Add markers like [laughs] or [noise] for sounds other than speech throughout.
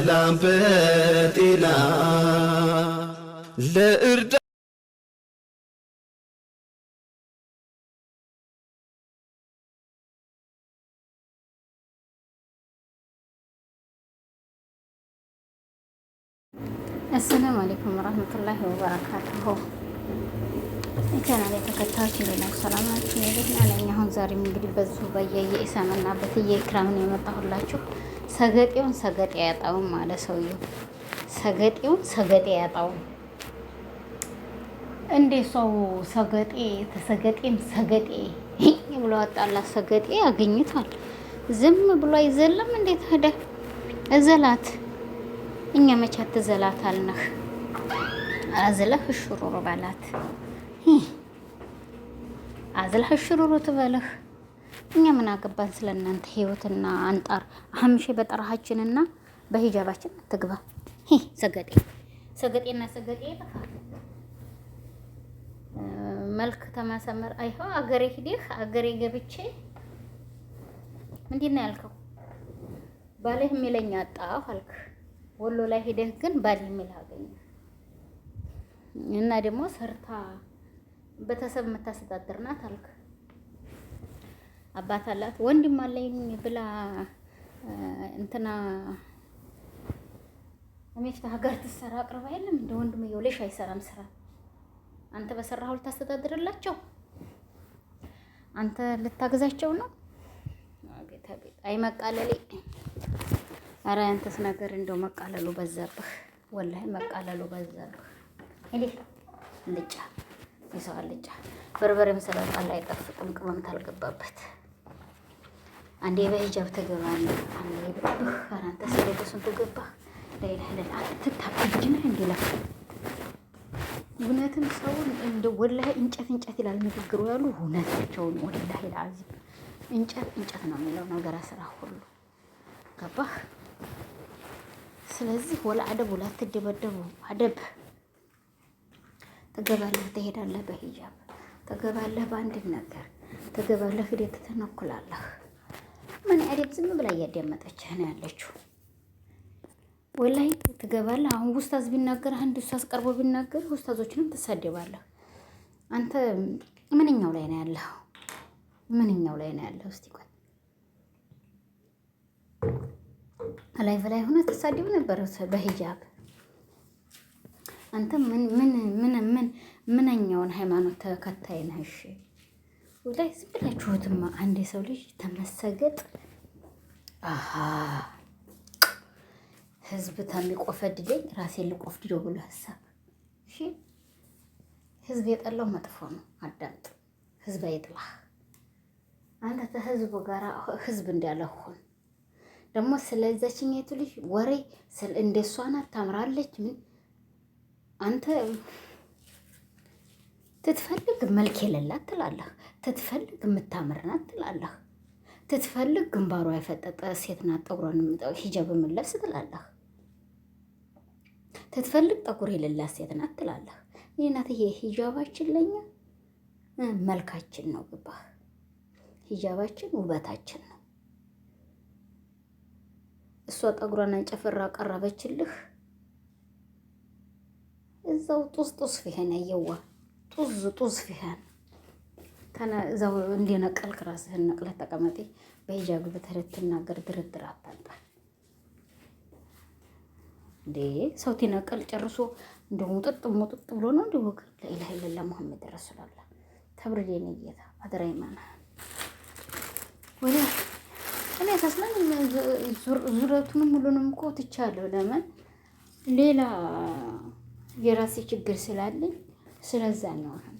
በሰላም በጤና ለእርዳ አሰላሙ አሌይኩም ወረህመቱላሂ ወበረካቱሁ የቻናሌ ተከታዮች እንዴት ናችሁ? ሰላም ናችሁ? እኔ አሁን ዛሬም እንግዲህ በዚሁ በየየኢሳምና በትየ ኢክራምን የመጣሁላችሁ ሰገጤውን ሰገጤ አያጣውም አለ ሰውየው። ሰገጤውን ሰገጤ አያጣውም እንዴ! ሰው ሰገጤ ተሰገጤም ሰገጤ [laughs] ብሎ አጣላ። ሰገጤ አገኝቷል። ዝም ብሎ አይዘለም። እንዴት ሄደ እዘላት እኛ መቻት ዘላት አልነህ አዝለህ ሽሩሩ በላት አዝለህ ሽሩሩ ትበልህ እኛ ምን አገባን ስለ እናንተ ህይወትና አንጣር። አምሼ በጠራሃችንና በሂጃባችን አትግባ። ሰገጤ ሰገጤና ሰገጤ መልክ ተማሰመር አይኸው አገሬ ሂደህ አገሬ ገብቼ ምንድን ነው ያልከው? ባልህ የሚለኝ አጣሁ አልክ። ወሎ ላይ ሂደህ ግን ባል የሚል አገኘ እና ደግሞ ሰርታ ቤተሰብ የምታስተዳድር ናት አልክ። አባት አላት ወንድም አለኝ ብላ እንትና ሚፍታህ ሀገር ትሰራ አቅርባ የለም እንደ ወንድም ሌሽ አይሰራም ስራ አንተ ሁል ታስተዳድርላቸው አንተ ልታግዛቸው ነው። አቤት አይ መቃለሌ! አረ አንተስ ነገር እንደው መቃለሉ በዛብህ፣ ወላሂ መቃለሉ በዛብህ። እንዴት ልጫ የሰው አልጫ በርበሬም ስለጣል አይጠፍጥም ቅመም ታልገባበት አንዴ በሂጃብ ትገባለህ፣ አንዴ በብህር አንተ ስለደ ስንቱ ገባህ። ለይላህለል አትታበጅና እንዲ ላ እውነትም ሰውን እንደ ወላሂ እንጨት እንጨት ይላል ንግግሩ ያሉ እውነታቸውን ወላሂ ለአዚ እንጨት እንጨት ነው የሚለው ነገር ስራ ሁሉ ገባህ። ስለዚህ ወላ አደብ ወላ አትደበደቡ። አደብ ትገባለህ፣ ትሄዳለህ፣ በሂጃብ ትገባለህ፣ በአንድ ነገር ትገባለህ፣ ሂደት ትተነኩላለህ ምን አደብ ዝም ብላ እያዳመጠች ነው ያለችው። ወላይ ትገባለህ። አሁን ውስታዝ ቢናገር አንድ ውስታዝ ቀርቦ ቢናገር ውስታዞችንም ትሳደባለህ። አንተ ምንኛው ላይ ነው ያለው? ምንኛው ላይ ነው ያለው እስቲ ቆይ ላይ በላይ ሆነ ተሳደብ ነበር በሂጃብ አንተ ምን ምን ምን ምንኛውን ሃይማኖት ተከታይ ነህ? እሺ ላይ ዝም ብላችሁትማ አንድ የሰው ልጅ ተመሰገጥ አሀ ህዝብ ተሚቆፈድደኝ ራሴ ልቆፍድደው ብሎ ሀሳብ እሺ። ህዝብ የጠላው መጥፎ ነው። አዳምጥ። ህዝብ አይጥላህ። አንተ ከህዝቡ ጋር ህዝብ እንዳለ ሆን ደግሞ ስለዛችኛይቱ ልጅ ወሬ እንደሷ ናት ታምራለች ምን አንተ ትትፈልግ መልክ የሌላት ትላለህ፣ ትትፈልግ የምታምር ናት ትላለህ፣ ትትፈልግ ግንባሯ የፈጠጠ ሴት ናት ጠጉሯን ሂጃብ የምለብስ ትላለህ፣ ትትፈልግ ጠጉር የሌላት ሴት ናት ትላለህ። እናትዬ ሂጃባችን ለኛ መልካችን ነው፣ ግባህ ሂጃባችን ውበታችን ነው። እሷ ጠጉሯን አንጨፍራ ቀረበችልህ እዛው ጡስ ጡስ ፊህን አየዋ ጡዝ ጡዝ ፊህን እዛው እንደነቀልክ ራስህን ነቅለህ ተቀመጤ። በሂጃብ ብትናገር ድርድር አታጣ እንዴ! ሰው ቲነቀል ጨርሶ እንደ ሙጥጥ ሙጥጥ ብሎ ነው እንዲ ወግ ለኢላህ ለላ መሐመድ ረሱላላ ተብርድ የኔ ጌታ አደራይ ማና ወደ እኔ ተስለን ዙረቱንም ሁሉንም እኮ ትቻለሁ። ለምን ሌላ የራሴ ችግር ስላለኝ ስለዛ ነው አሁን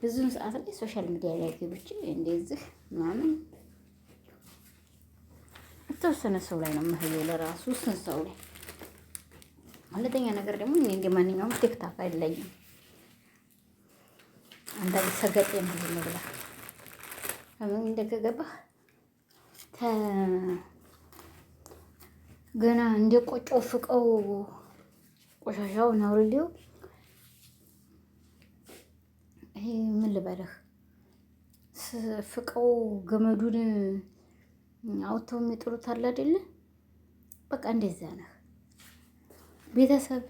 ብዙውን ሰዓት ላይ ሶሻል ሚዲያ ላይ ገብቼ እንደዚህ ምናምን የተወሰነ ሰው ላይ ነው መሄዱ ለራሱ ስን ሰው ላይ። ሁለተኛ ነገር ደግሞ እኔ እንደ ማንኛውም ቲክታክ አይለኝም። አንዳንድ ሰገጤ ነው ብላ ከምን እንደገባህ ገና እንደ ቆጮ ፍቀው ቆሻሻውን አውርዴው ይሄ ምን ልበለህ ፍቀው ገመዱን አውጥተው የሚጥሉት አለ አይደለ? በቃ እንደዚያ ነህ። ቤተሰብ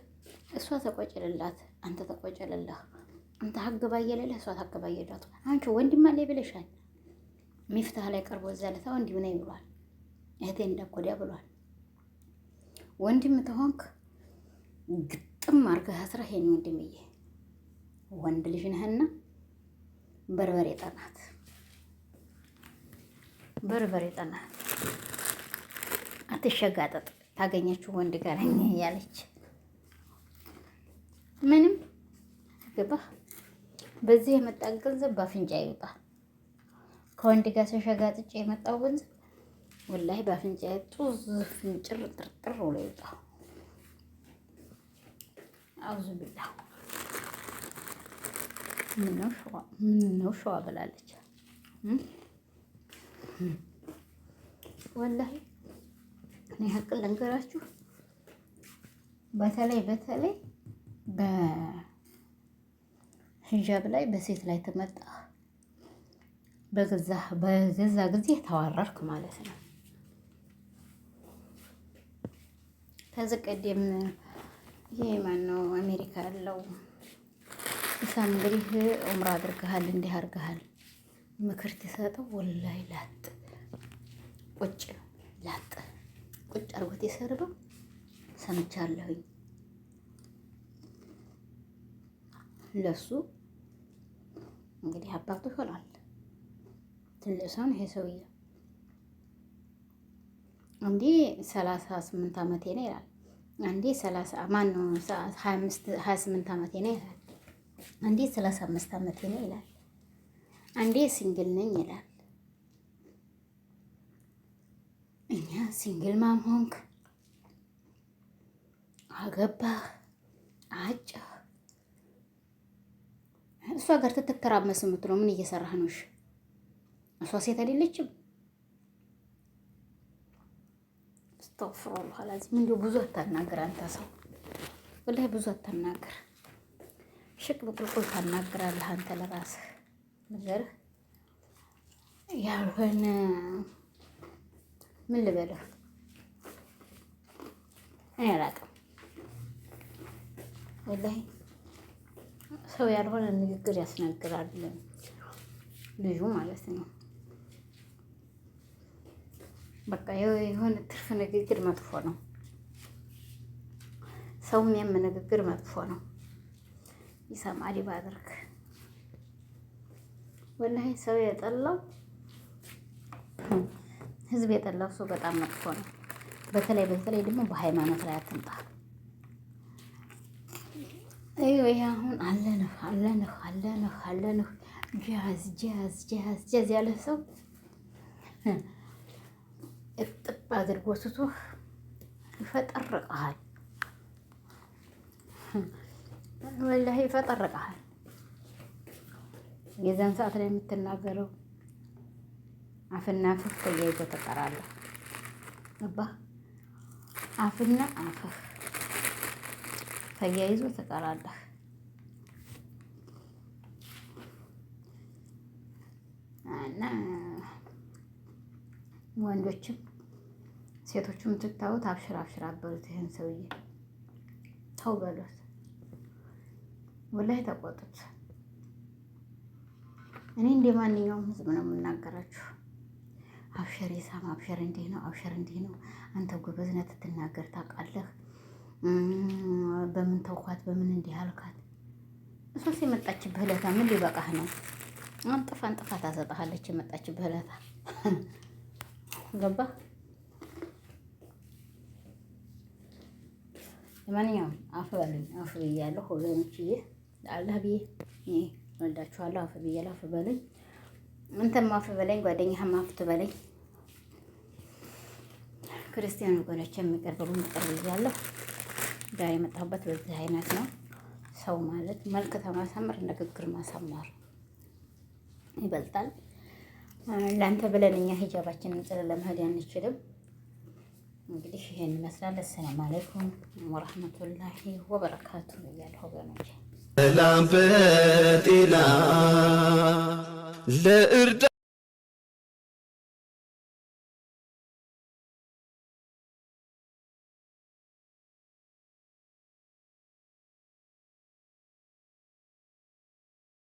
እሷ ተቆጨለላት፣ አንተ ተቆጨለላህ። አንተ ሀገባ እየሌለህ እሷ ታገባ አንቺ ወንድም አለኝ ብለሻል። ሚፍታህ ላይ ቀርቦ እዛ ለታ ወንድም ነኝ ብሏል። እህቴን እንዳጎዳ ብሏል። ወንድም ተሆንክ ግጥም አድርገህ አስረህ የኔ ወንድምዬ ወንድ ልጅ ነህና በርበሬ ጠናት፣ በርበሬ ጠናት። አትሸጋጠጥ። ታገኘችው ወንድ ጋር ያለች ምንም ገባ። በዚህ የመጣ ገንዘብ በአፍንጫ ይውጣ። ከወንድ ጋር ስሸጋጥጭ የመጣው ገንዘብ ወላሂ በአፍንጫ ጡዝ ፍንጭር ጥርጥር ብሎ ይውጣ። አውዙ ቢላ ምነው ሸዋ ብላለች። ወላሂ እኔ ሀቅ ልንገራችሁ፣ በተለይ በተለይ በሂጃብ ላይ በሴት ላይ ትመጣ በገዛ በገዛ ጊዜ ተዋረርክ ማለት ነው። ከዚህ ይህ ማነው አሜሪካ ያለው ኢሳም እንግዲህ አድርገሃል እንዲህ አድርገሃል ምክር ትሰጠው ላጥ ቁጭ ላጥ ቁጭ የሰርበው ሰምቻለሁኝ። ለሱ እንግዲህ አባቱ ይሆናል ትልቅ ሰውን ይሄ ሰውዬ እንዲህ ሰላሳ ስምንት ዓመቴ ነው ይላል። አንዴ ሰላሳ ማን ነው ሀያ ስምንት ዓመቴ ነው ይላል። አንዴ ሰላሳ አምስት ዓመቴ ነው ይላል። አንዴ ሲንግል ነኝ ይላል። እኛ ሲንግል ማም ሆንክ፣ አገባህ፣ አጫህ እሷ ጋር ትትከራመስ የምትለው ምን እየሰራህ ነው? እሷ ሴት አይደለችም። አስተፍሩላህ አላዚም። እንደው ብዙ አታናግር አንተ ሰው ወላሂ ብዙ አታናግር። ሽቅ ብቁልቁል ታናግራለህ አንተ ለራስህ ነገርህ ያልሆነ ምን ልበልህ እኔ አላውቅም። ወላሂ ሰው ያልሆነ ንግግር ያስነግራል ልጁ ማለት ነው። በቃ የሆነ ትርፍ ንግግር መጥፎ ነው። ሰው የም ንግግር መጥፎ ነው። ይሰማል አድርግ ወላሂ ሰው የጠላው ህዝብ የጠላው ሰው በጣም መጥፎ ነው። በተለይ በተለይ ደግሞ በሃይማኖት ላይ አትምጣ። ይህ አሁን አለንህ አለንህ አለንህ አለንህ ጃዝ ጃዝ ጃዝ ጃዝ ያለ ሰው እጥብ አድርጎ ስሱህ ይፈጠርቅሃል፣ ወላሂ ይፈጠርቅሃል። የዛን ሰዓት ላይ የምትናገረው አፍና አፍህ ተያይዞ ትቀራለህ። ገባ አፍና አፍህ ተያይዞ ትቀራለህ። እና ወንዶችም ሴቶቹ ትታዩት አብሽር አብሽር አበሉት። ይህን ሰውዬ ተው በሉት። ወላሂ ተቆጡት። እኔ እንደ ማንኛውም ህዝብ ነው የምናገራችሁ። አብሸር የሳም አብሸር እንዲህ ነው፣ አብሸር እንዲህ ነው። አንተ ነህ፣ ትናገር ታውቃለህ። በምን ተውኳት፣ በምን እንዲህ አልካት። እሱስ የመጣችብህ ለታ ምን ሊበቃህ ነው? አንጥፋ አንጥፋ ታሰጠሃለች። የመጣችብህ ለታ ገባህ? ለማንኛውም አፍ በሉኝ። አፍ ብያለሁ ወገኖችዬ፣ ለአላህ ብዬ እኔ ወልዳችኋለሁ። አፍ ብያለሁ። አፍ በሉኝ። አንተም አፍ በለኝ፣ ጓደኛህም አፍ ትበለኝ። ክርስቲያን ወገኖች የሚቀርበሉ ምቅር ብያለሁ። ዳር የመጣሁበት በዚህ አይነት ነው። ሰው ማለት መልክተ ማሳመር፣ ንግግር ማሳመር ይበልጣል። ለአንተ ብለን እኛ ሂጃባችንን ጥለን ለመሄድ አንችልም። እንግዲህ ይሄን ይመስላል። አሰላም አለይኩም ወራህመቱላሂ ወበረካቱ እያለ ወገኖች ሰላም በጤና ለእርዳ